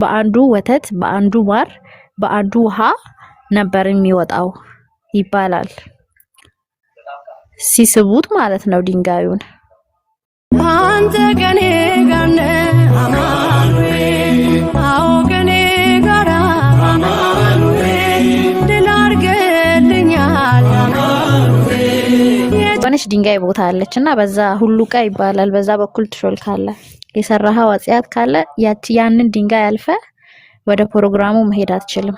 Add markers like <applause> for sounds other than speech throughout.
በአንዱ ወተት፣ በአንዱ ማር፣ በአንዱ ውሃ ነበር የሚወጣው ይባላል። ሲስቡት ማለት ነው ድንጋዩን። አንተ ከኔ ጋር ነህ አማኑኤል ትንሽ ድንጋይ ቦታ አለች እና በዛ ሁሉ ቃ ይባላል። በዛ በኩል ትሾል ካለ የሰራኸው አጽያት ካለ ያቺ ያንን ድንጋይ አልፈ ወደ ፕሮግራሙ መሄድ አትችልም።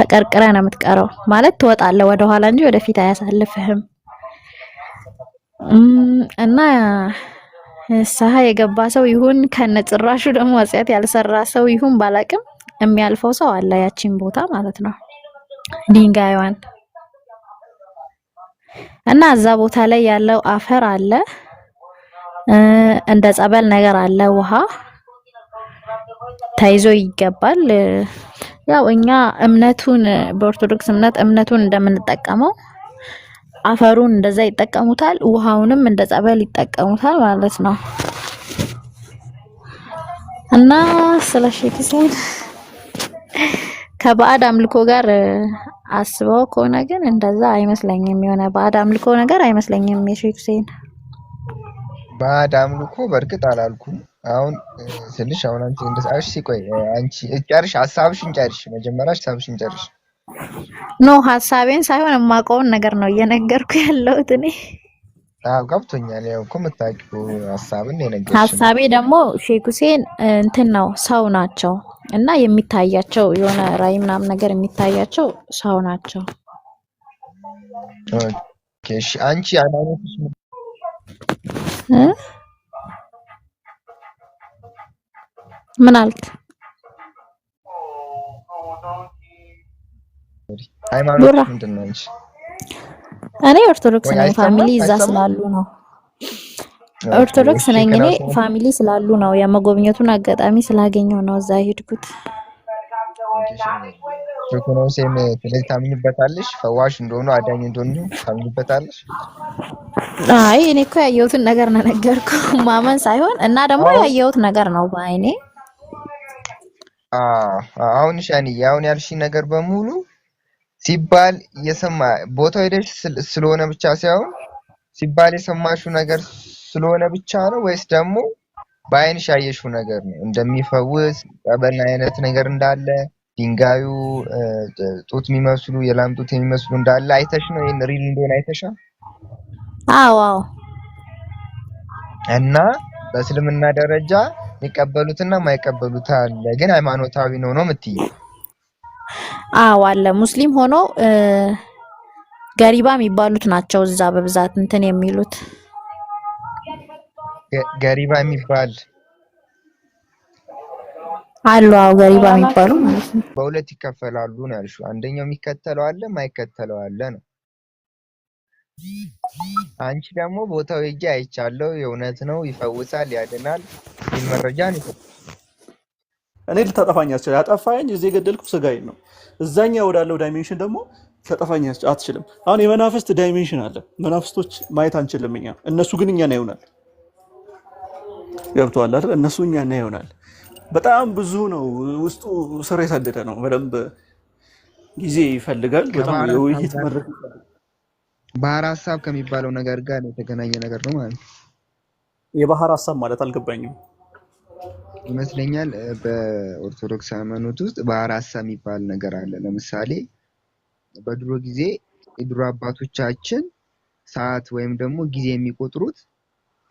ተቀርቅረ ነው የምትቀረው ማለት ትወጣለ ወደ ኋላ እንጂ ወደፊት አያሳልፍህም። እና ንስሐ የገባ ሰው ይሁን ከነጭራሹ ደግሞ አጽያት ያልሰራ ሰው ይሁን ባላቅም የሚያልፈው ሰው አለ ያቺን ቦታ ማለት ነው ድንጋይዋን እና እዛ ቦታ ላይ ያለው አፈር አለ፣ እንደ ጸበል ነገር አለ። ውሃ ተይዞ ይገባል። ያው እኛ እምነቱን በኦርቶዶክስ እምነት እምነቱን እንደምንጠቀመው አፈሩን እንደዛ ይጠቀሙታል፣ ውሃውንም እንደ ጸበል ይጠቀሙታል ማለት ነው። እና ስለ ሼክ ሁሴን ከባዕድ አምልኮ ጋር አስበው ከሆነ ግን እንደዛ አይመስለኝም። የሆነ ባዕድ አምልኮ ነገር አይመስለኝም። የሼክ ሁሴን ባዕድ አምልኮ በእርግጥ አላልኩም። አሁን ስልሽ አሁን አንቺ እንደሳሽ ሲቆይ አንቺ ጨርሽ ሀሳብሽን ጨርሽ፣ መጀመሪያ ሀሳብሽን ጨርሽ። ኖ ሀሳቤን ሳይሆን የማውቀውን ነገር ነው እየነገርኩ ያለሁት እኔ። አዎ ገብቶኛል። ያው እኮ የምታውቂው ሀሳብን የነገርሽ። ሀሳቤ ደግሞ ሼክ ሁሴን እንትን ነው ሰው ናቸው እና የሚታያቸው የሆነ ራይ ምናምን ነገር የሚታያቸው ሰው ናቸው። አንቺ ሃይማኖትሽ ምን አልክ? ሃይማኖት ምንድን ነው? እኔ ኦርቶዶክስ ነኝ። ፋሚሊ እዛ ስላሉ ነው ኦርቶዶክስ ነኝ እኔ። ፋሚሊ ስላሉ ነው የመጎብኘቱን አጋጣሚ ስላገኘው ነው እዛ ሄድኩት። ኢኮኖሚሴም ስለዚህ ታምኝበታለሽ፣ ፈዋሽ እንደሆኑ አዳኝ እንደሆኑ ታምኝበታለሽ። አይ እኔ እኮ ያየሁትን ነገር ነው ነገርኩ፣ <laughs> ማመን ሳይሆን እና ደግሞ ያየሁት ነገር ነው በአይኔ። አሁን ሻኒ አሁን ያልሽ ነገር በሙሉ ሲባል የሰማ ቦታው ሄደሽ ስለሆነ ብቻ ሳይሆን ሲባል የሰማሽው ነገር ስለሆነ ብቻ ነው ወይስ ደግሞ በአይንሽ ያየሽው ነገር ነው እንደሚፈውስ ጠበል አይነት ነገር እንዳለ ድንጋዩ ጡት የሚመስሉ የላም ጡት የሚመስሉ እንዳለ አይተሽ ነው? ይሄን ሪል እንደሆነ አይተሻ? አዎ አዎ። እና በእስልምና ደረጃ የሚቀበሉትና የማይቀበሉት አለ፣ ግን ሃይማኖታዊ ነው ነው የምትይው? አዎ አለ። ሙስሊም ሆኖ ገሪባ የሚባሉት ናቸው እዛ በብዛት እንትን የሚሉት ገሪባ የሚባል አሉ። አዎ ገሪባ የሚባሉ ማለት ነው። በሁለት ይከፈላሉ ነው ያልሽው። አንደኛው የሚከተለው አለ፣ ማይከተለው አለ ነው። አንቺ ደግሞ ቦታው ሄጄ አይቻለው፣ የእውነት ነው፣ ይፈውሳል፣ ያድናል ይል መረጃ ነው። እኔ ልታጠፋኝ አትችልም። ያጠፋኝ እዚህ የገደልኩ ስጋዬን ነው። እዛኛ ወዳለው ዳይሜንሽን ደግሞ ተጠፋኝ አትችልም። አሁን የመናፍስት ዳይሜንሽን አለ። መናፍስቶች ማየት አንችልም እኛ፣ እነሱ ግን እኛን ያዩናል። ገብተዋል አይደል? እነሱ እኛ ና ይሆናል። በጣም ብዙ ነው፣ ውስጡ ስር የሰደደ ነው። በደንብ ጊዜ ይፈልጋል። በጣም የውይይት መድረክ ባህር ሀሳብ ከሚባለው ነገር ጋር የተገናኘ ነገር ነው ማለት ነው። የባህር ሀሳብ ማለት አልገባኝም ይመስለኛል። በኦርቶዶክስ ሃይማኖት ውስጥ ባህር ሀሳብ የሚባል ነገር አለ። ለምሳሌ በድሮ ጊዜ የድሮ አባቶቻችን ሰዓት ወይም ደግሞ ጊዜ የሚቆጥሩት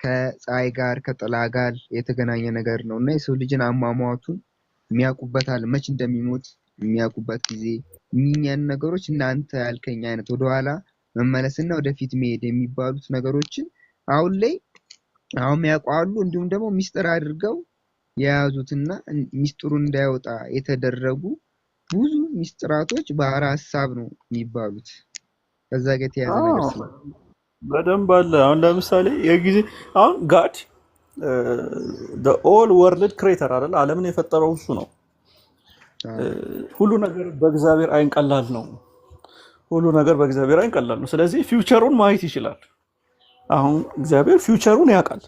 ከፀሐይ ጋር ከጥላ ጋር የተገናኘ ነገር ነው እና የሰው ልጅን አሟሟቱን የሚያውቁበታል። መች እንደሚሞት የሚያውቁበት ጊዜ እኛን ነገሮች እናንተ ያልከኝ አይነት ወደኋላ መመለስና ወደፊት መሄድ የሚባሉት ነገሮችን አሁን ላይ አሁን ያውቋሉ። እንዲሁም ደግሞ ሚስጥር አድርገው የያዙትና ሚስጥሩ እንዳይወጣ የተደረጉ ብዙ ሚስጥራቶች ባህረ ሀሳብ ነው የሚባሉት ከዛ ጋር የተያዘ ነገር ስለሆነ በደንብ አለ። አሁን ለምሳሌ የጊዜ አሁን ጋድ ኦል ወርልድ ክሬተር አይደል? ዓለምን የፈጠረው እሱ ነው። ሁሉ ነገር በእግዚአብሔር አይን ቀላል ነው። ሁሉ ነገር በእግዚአብሔር አይን ቀላል ነው። ስለዚህ ፊውቸሩን ማየት ይችላል። አሁን እግዚአብሔር ፊውቸሩን ያውቃል።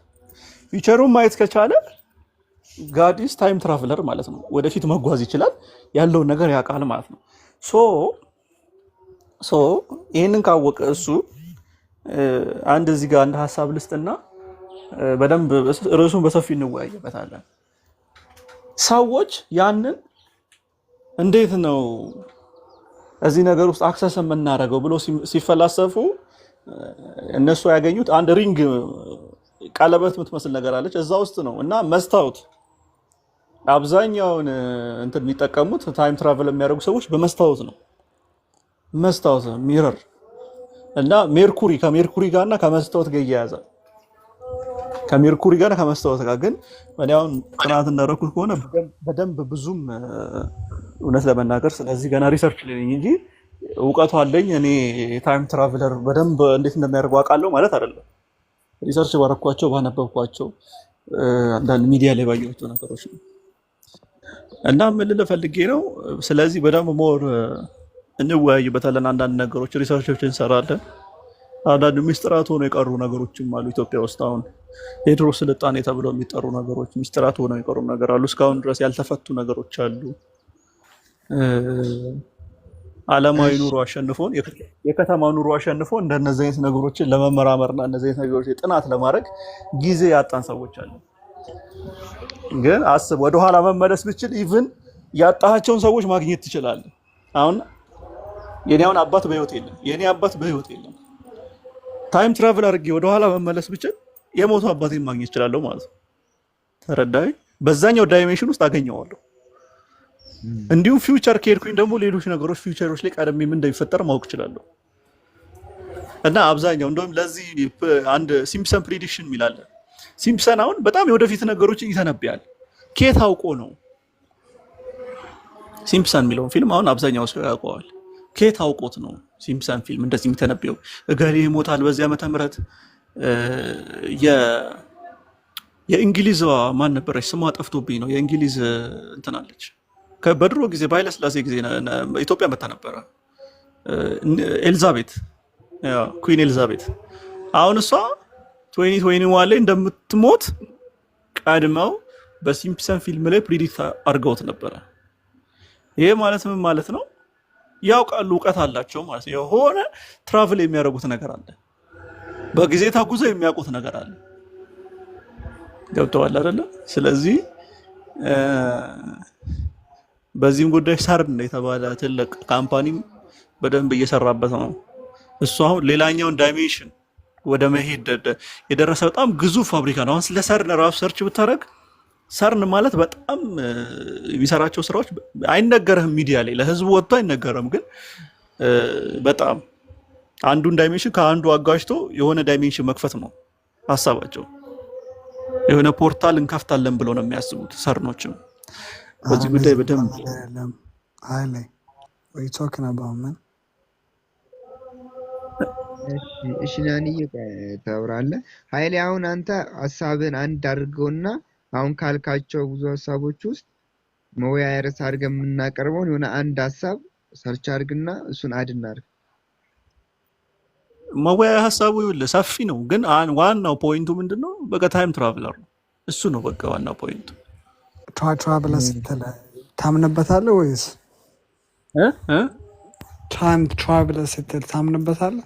ፊውቸሩን ማየት ከቻለ ጋዲስ ታይም ትራቭለር ማለት ነው። ወደፊት መጓዝ ይችላል። ያለውን ነገር ያውቃል ማለት ነው። ሶ ሶ ይህንን ካወቀ እሱ አንድ እዚህ ጋር አንድ ሀሳብ ልስጥና በደንብ ርዕሱን በሰፊ እንወያይበታለን። ሰዎች ያንን እንዴት ነው እዚህ ነገር ውስጥ አክሰስ የምናደርገው ብሎ ሲፈላሰፉ እነሱ ያገኙት አንድ ሪንግ ቀለበት የምትመስል ነገር አለች፣ እዛ ውስጥ ነው እና መስታወት አብዛኛውን እንትን የሚጠቀሙት ታይም ትራቨል የሚያደርጉ ሰዎች በመስታወት ነው። መስታወት ሚረር እና ሜርኩሪ ከሜርኩሪ ጋር እና ከመስታወት ጋር ይያያዛል። ከሜርኩሪ ጋር ከመስታወት ጋር ግን እኔ አሁን ጥናት እንዳደረኩት ከሆነ በደንብ ብዙም እውነት ለመናገር ስለዚህ ገና ሪሰርች ላይ እንጂ እውቀቱ አለኝ። እኔ ታይም ትራቭለር በደንብ እንዴት እንደሚያደርጉ አውቃለሁ ማለት አይደለም። ሪሰርች ባረኳቸው ባነበብኳቸው አንዳንድ ሚዲያ ላይ ባየኋቸው ነገሮች ነው እና ምን ልል ፈልጌ ነው። ስለዚህ በደንብ ሞር እንወያዩበታለን። አንዳንድ ነገሮች ሪሰርቾች እንሰራለን። አንዳንድ ሚስጥራት ሆነው የቀሩ ነገሮችም አሉ። ኢትዮጵያ ውስጥ አሁን የድሮ ስልጣኔ ተብለው የሚጠሩ ነገሮች ሚስጥራት ሆነው የቀሩ ነገር አሉ። እስካሁን ድረስ ያልተፈቱ ነገሮች አሉ። አለማዊ ኑሮ አሸንፎን የከተማ ኑሮ አሸንፎ እንደነዚህ አይነት ነገሮችን ለመመራመርና እነዚህ አይነት ነገሮች ጥናት ለማድረግ ጊዜ ያጣን ሰዎች አሉ። ግን አስብ፣ ወደኋላ መመለስ ብችል ኢቭን ያጣሃቸውን ሰዎች ማግኘት ትችላለህ አሁን የኔ አሁን አባት በህይወት የለም። የኔ አባት በህይወት የለም። ታይም ትራቭል አድርጌ ወደኋላ መመለስ ብችል የሞቱ አባቴን ማግኘት እችላለሁ ማለት ነው። ተረዳይ በዛኛው ዳይሜንሽን ውስጥ አገኘዋለሁ። እንዲሁም ፊውቸር ከሄድኩኝ ደግሞ ሌሎች ነገሮች ፊውቸሮች ላይ ቀደም ምን እንደሚፈጠር ማወቅ እችላለሁ። እና አብዛኛው እንደውም ለዚህ አንድ ሲምፕሰን ፕሪዲክሽን የሚላለ ሲምፕሰን አሁን በጣም የወደፊት ነገሮችን ይተነብያል። ኬት አውቆ ነው? ሲምፕሰን የሚለውን ፊልም አሁን አብዛኛው ሰው ያውቀዋል። ከየት አውቆት ነው ሲምፕሰን ፊልም እንደዚህ የሚተነብየው እገሌ ይሞታል በዚህ ዓመተ ምህረት የእንግሊዝዋ ማን ነበረች ስሟ ጠፍቶብኝ ነው። የእንግሊዝ እንትናለች በድሮ ጊዜ በኃይለስላሴ ጊዜ ኢትዮጵያ መታ ነበረ። ኤልዛቤት ኩን ኤልዛቤት። አሁን እሷ ትዌኒ ትዌኒ ላይ እንደምትሞት ቀድመው በሲምፕሰን ፊልም ላይ ፕሪዲክት አድርገውት ነበረ። ይሄ ማለት ምን ማለት ነው? ያውቃሉ፣ እውቀት አላቸው ማለት የሆነ ትራቭል የሚያደርጉት ነገር አለ፣ በጊዜ ተጉዘው የሚያውቁት ነገር አለ። ገብተዋል አይደለ? ስለዚህ በዚህም ጉዳይ ሰርን የተባለ ትልቅ ካምፓኒም በደንብ እየሰራበት ነው። እሱ አሁን ሌላኛውን ዳይሜንሽን ወደ መሄድ የደረሰ በጣም ግዙፍ ፋብሪካ ነው። አሁን ስለ ሳርን ራሱ ሰርች ብታደረግ ሰርን ማለት በጣም የሚሰራቸው ስራዎች አይነገርህም፣ ሚዲያ ላይ ለህዝቡ ወጥቶ አይነገርም። ግን በጣም አንዱን ዳይሜንሽን ከአንዱ አጋጅቶ የሆነ ዳይሜንሽን መክፈት ነው ሀሳባቸው። የሆነ ፖርታል እንከፍታለን ብለው ነው የሚያስቡት ሰርኖችም። በዚህ ጉዳይ በደንብ እሺ፣ ናንዬ ሀይሌ። አሁን አንተ ሀሳብን አንድ አድርገውና አሁን ካልካቸው ብዙ ሀሳቦች ውስጥ መወያ ርዕስ አድርገን የምናቀርበውን የሆነ አንድ ሀሳብ ሰርች አድርግና እሱን አድ መወያ ሀሳቡ ይውል ሰፊ ነው፣ ግን ዋናው ፖይንቱ ምንድን ነው? በቃ ታይም ትራቭለር ነው። እሱ ነው በቃ ዋናው ፖይንቱ። ትራቭለር ስትል ታምንበታለህ ወይስ ታይም ትራቭለር ስትል ታምንበታለህ?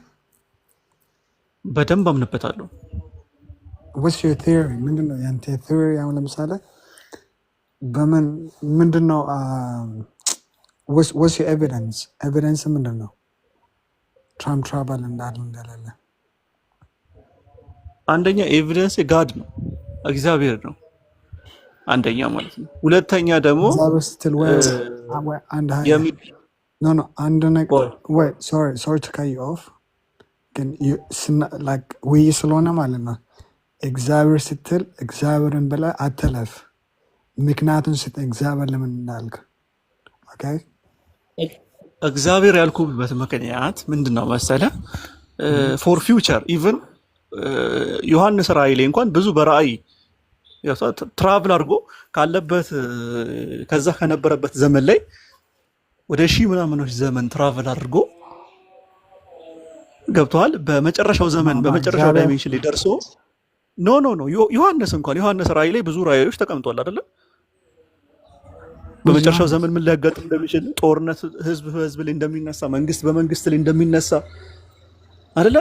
በደንብ አምንበታለሁ። ስ ሪ ምንድነው ያንተ ሪ? አሁን ለምሳሌ በምን ምንድነው ወስ ኤቪደንስ ኤቪደንስ ምንድን ነው? ትራምፕ ትራቨል እንዳለ እንደሌለ አንደኛ ኤቪደንስ ጋድ ነው እግዚአብሔር ነው አንደኛ ማለት ነው። ሁለተኛ ደግሞ አንድ ነገር ሶሪ ቱ ካዩ ኦፍ ግን ውይይት ስለሆነ ማለት ነው እግዚአብሔር ስትል እግዚአብሔርን ብለህ አትለፍ። ምክንያቱን ስጥ። እግዚአብሔር ለምን እንዳልክ እግዚአብሔር ያልኩበት ምክንያት ምንድን ነው መሰለ? ፎር ፊውቸር ኢቨን ዮሐንስ ራእይ ላይ እንኳን ብዙ በራእይ ትራቭል አድርጎ ካለበት ከዛ ከነበረበት ዘመን ላይ ወደ ሺህ ምናምኖች ዘመን ትራቭል አድርጎ ገብተዋል። በመጨረሻው ዘመን በመጨረሻው ዳይሜንሽን ላይ ደርሶ ኖ ኖ ኖ ዮሐንስ እንኳን ዮሐንስ ራእይ ላይ ብዙ ራእዮች ተቀምጧል አይደለም? በመጨረሻው ዘመን ምን ሊያጋጥም እንደሚችል ጦርነት ህዝብ በህዝብ ላይ እንደሚነሳ፣ መንግስት በመንግስት ላይ እንደሚነሳ አይደለ?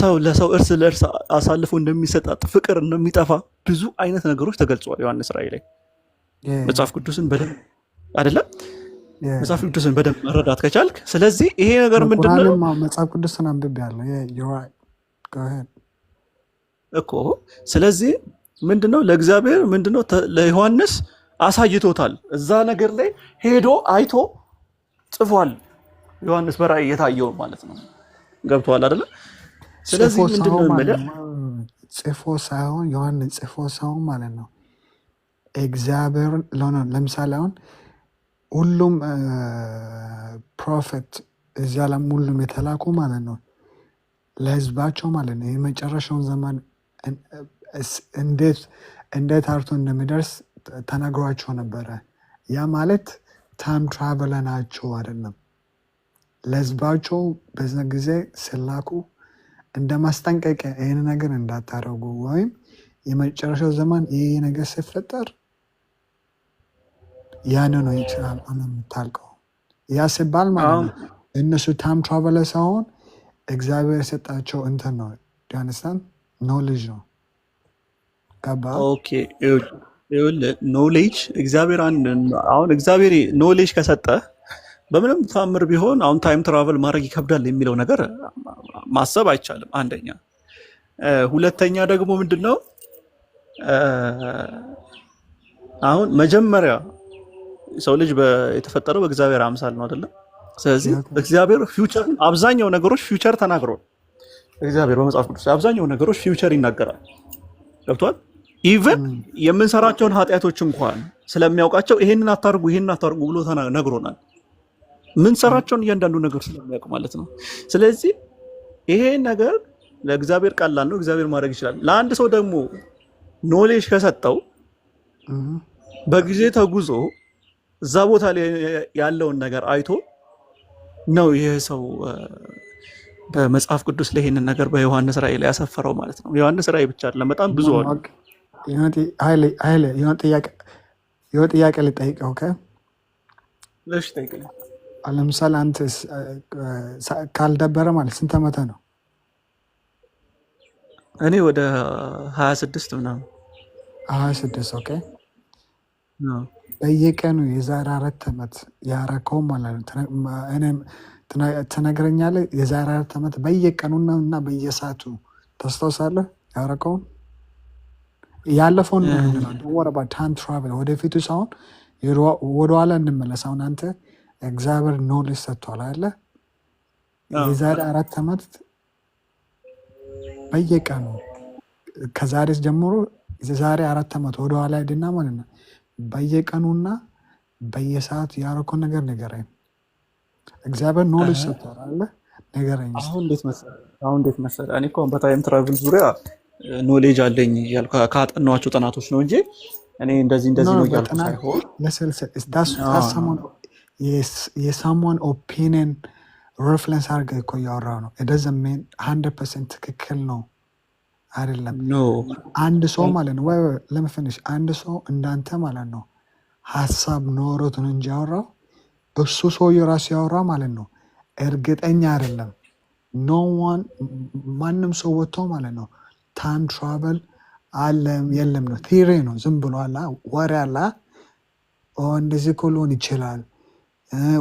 ሰው ለሰው እርስ ለእርስ አሳልፎ እንደሚሰጣ ፍቅር እንደሚጠፋ ብዙ አይነት ነገሮች ተገልጿል ዮሐንስ ራእይ ላይ። መጽሐፍ ቅዱስን በደንብ አይደለ? መጽሐፍ ቅዱስን በደንብ መረዳት ከቻልክ፣ ስለዚህ ይሄ ነገር ምንድነው መጽሐፍ ቅዱስን አንብቤያለሁ። እኮ ስለዚህ ምንድነው ለእግዚአብሔር ምንድነው ለዮሐንስ አሳይቶታል። እዛ ነገር ላይ ሄዶ አይቶ ጽፏል። ዮሐንስ በራእይ የታየው ማለት ነው። ገብተዋል አደለ ስለዚህ ምንድነው ጽፎ ሳይሆን ዮሐንስ ጽፎ ሳይሆን ማለት ነው እግዚአብሔር ለሆነ ለምሳሌ አሁን ሁሉም ፕሮፌት እዚህ ዓለም ሁሉም የተላኩ ማለት ነው ለህዝባቸው ማለት ነው የመጨረሻውን ዘመን እንዴት እንዴት አርቶ እንደሚደርስ ተነግሯቸው ነበረ። ያ ማለት ታይም ትራቨለ ናቸው አይደለም። ለህዝባቸው በዚ ጊዜ ስላኩ እንደ ማስጠንቀቂያ ይህን ነገር እንዳታደረጉ ወይም የመጨረሻው ዘመን ይህ ነገር ሲፈጠር ያን ነው ይችላል የምታልቀው። ያ ሲባል ማለት ነው እነሱ ታይም ትራቨለ ሳይሆን እግዚአብሔር የሰጣቸው እንትን ነው ዲያነስታን ኖሌጅ ነው። ኖሌጅ እግዚአብሔር አንድ አሁን እግዚአብሔር ኖሌጅ ከሰጠ በምንም ታምር ቢሆን አሁን ታይም ትራቨል ማድረግ ይከብዳል የሚለው ነገር ማሰብ አይቻልም። አንደኛ። ሁለተኛ ደግሞ ምንድን ነው አሁን መጀመሪያ ሰው ልጅ የተፈጠረው በእግዚአብሔር አምሳል ነው አይደለም? ስለዚህ እግዚአብሔር ፊውቸር አብዛኛው ነገሮች ፊውቸር ተናግሯል። እግዚአብሔር በመጽሐፍ ቅዱስ አብዛኛው ነገሮች ፊውቸር ይናገራል። ገብቷል። ኢቨን የምንሰራቸውን ኃጢአቶች እንኳን ስለሚያውቃቸው ይሄንን አታርጉ፣ ይሄንን አታርጉ ብሎ ነግሮናል። ምንሰራቸውን እያንዳንዱ ነገር ስለሚያውቅ ማለት ነው። ስለዚህ ይሄ ነገር ለእግዚአብሔር ቀላል ነው። እግዚአብሔር ማድረግ ይችላል። ለአንድ ሰው ደግሞ ኖሌጅ ከሰጠው በጊዜ ተጉዞ እዛ ቦታ ላይ ያለውን ነገር አይቶ ነው ይሄ ሰው በመጽሐፍ ቅዱስ ላይ ይህንን ነገር በዮሐንስ ራእይ ላይ ያሰፈረው ማለት ነው። ዮሐንስ ራእይ ብቻ አይደለም፣ በጣም ብዙ አሉ። የሆነ ጥያቄ ልጠይቀው ለምሳሌ አንተ ካልደበረ ማለት ስንት ዓመትህ ነው? እኔ ወደ ሀያ ስድስት ምናምን ሀያ ስድስት ኦኬ። በየቀኑ የዛሬ አራት ዓመት ያረከው ማለት ነው ትነግረኛለህ? የዛሬ አራት ዓመት በየቀኑና እና በየሰዓቱ ታስታውሳለህ? ያረቀውን ያለፈውን ወረባ ታይም ትራቨል ወደፊቱ ሳይሆን ወደኋላ እንመለስ። አሁን አንተ እግዚአብሔር ኖሌጅ ሰጥቷል አለ የዛሬ አራት ዓመት በየቀኑ ከዛሬ ጀምሮ የዛሬ አራት ዓመት ወደኋላ ድና ማለት ነው በየቀኑና በየሰዓቱ ያረከውን ነገር ንገረኝ። እግዚአብሔር ኖሌጅ ሰጥቷል አለ ነገረኝ። አሁን እንዴት መሰለህ እኔ እኮ በታይም ትራቭል ዙሪያ ኖሌጅ አለኝ እያልኩ ካጠናኋቸው ጥናቶች ነው እንጂ እኔ እንደዚህ እንደዚህ ነው እያልኩ ሳይሆን የሳሙን ኦፒኒየን ሬፍረንስ አድርገህ እኮ እያወራሁ ነው። ደዘሜን ሜን ሀንድረድ ፐርሰንት ትክክል ነው አይደለም። አንድ ሰው ማለት ነው ወይ ለመፈንሽ አንድ ሰው እንዳንተ ማለት ነው ሀሳብ ኖሮት ነው እንጂ ያወራው በሱ ሰውዬው ራሱ ያወራ ማለት ነው። እርግጠኛ አይደለም። ኖ ዋን ማንም ሰው ወጥቶ ማለት ነው ታይም ትራቨል አለም የለም ነው ቲሪ ነው። ዝም ብሎ አላ ወሬ አላ እንደዚህ እኮ ይችላል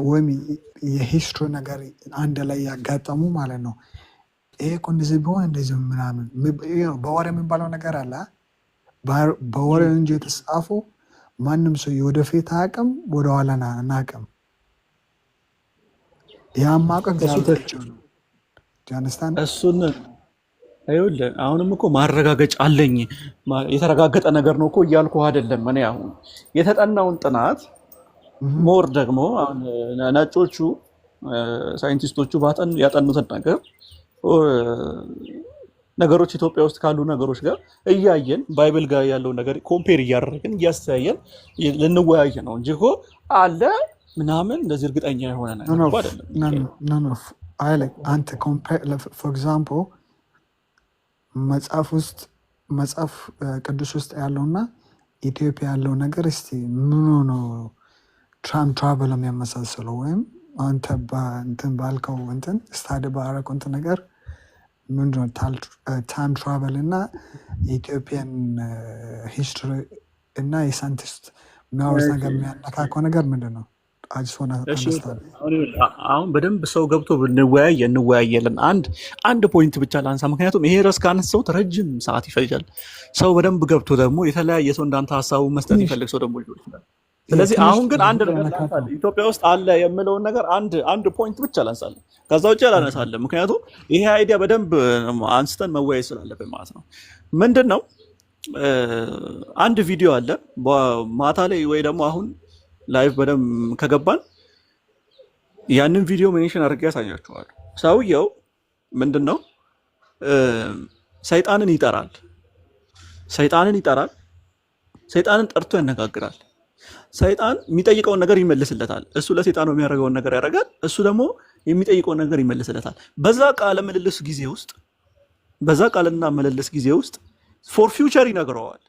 ወይም የሂስትሪ ነገር አንድ ላይ ያጋጠሙ ማለት ነው። ይሄ እኮ እንደዚህ ቢሆን እንደዚህ ምናምን በወሬ የሚባለው ነገር አለ። በወሬ እንጂ የተጻፉ ማንም ሰው የወደፊት አቅም ወደኋላ አናቅም። የአማቀቅ እሱን ይኸውልህ አሁንም እኮ ማረጋገጫ አለኝ የተረጋገጠ ነገር ነው እኮ እያልኩ አይደለም። እኔ አሁን የተጠናውን ጥናት ሞር ደግሞ ነጮቹ ሳይንቲስቶቹ ያጠኑትን ነገር ነገሮች ኢትዮጵያ ውስጥ ካሉ ነገሮች ጋር እያየን ባይብል ጋር ያለው ነገር ኮምፔር እያደረግን እያስተያየን ልንወያየ ነው እንጂ እኮ አለ ምናምን እንደዚህ እርግጠኛ የሆነ ነገር አንተ ፎር ኤግዛምፕል መጽሐፍ ውስጥ መጽሐፍ ቅዱስ ውስጥ ያለውና ኢትዮጵያ ያለው ነገር እስቲ ምኑ ነው ትራም ትራቨል የሚያመሳስለው ወይም አንተ እንትን ባልከው እንትን ስታድ ባረከው እንትን ነገር ምንድነው ታይም ትራቨል እና የኢትዮጵያን ሂስትሪ እና የሳይንቲስት የሚያወርስ ነገር የሚያነካከው ነገር ምንድን ነው? አሁን በደንብ ሰው ገብቶ እንወያየ እንወያየለን። አንድ አንድ ፖይንት ብቻ ላንሳ፣ ምክንያቱም ይሄ ረስ ካነሳሁት ረጅም ሰዓት ይፈጃል። ሰው በደንብ ገብቶ ደግሞ የተለያየ ሰው እንዳንተ ሀሳቡ መስጠት ይፈልግ ሰው ደግሞ ሊሆን ይችላል። ስለዚህ አሁን ግን አንድ ነገር ኢትዮጵያ ውስጥ አለ የምለውን ነገር አንድ አንድ ፖይንት ብቻ ላንሳለን። ከዛ ውጭ አላነሳለን፣ ምክንያቱም ይሄ አይዲያ በደንብ አንስተን መወያየት ስላለብን ማለት ነው። ምንድን ነው አንድ ቪዲዮ አለ ማታ ላይ ወይ ደግሞ አሁን ላይቭ በደንብ ከገባን ያንን ቪዲዮ ሜንሽን አድርጌ ያሳያችኋል። ሰውየው ምንድን ነው ሰይጣንን ይጠራል፣ ሰይጣንን ይጠራል፣ ሰይጣንን ጠርቶ ያነጋግራል። ሰይጣን የሚጠይቀውን ነገር ይመልስለታል። እሱ ለሰይጣን የሚያደርገውን ነገር ያደርጋል፣ እሱ ደግሞ የሚጠይቀውን ነገር ይመልስለታል። በዛ ቃለ ምልልስ ጊዜ ውስጥ በዛ ቃልና ምልልስ ጊዜ ውስጥ ፎር ፊውቸር ይነግረዋል።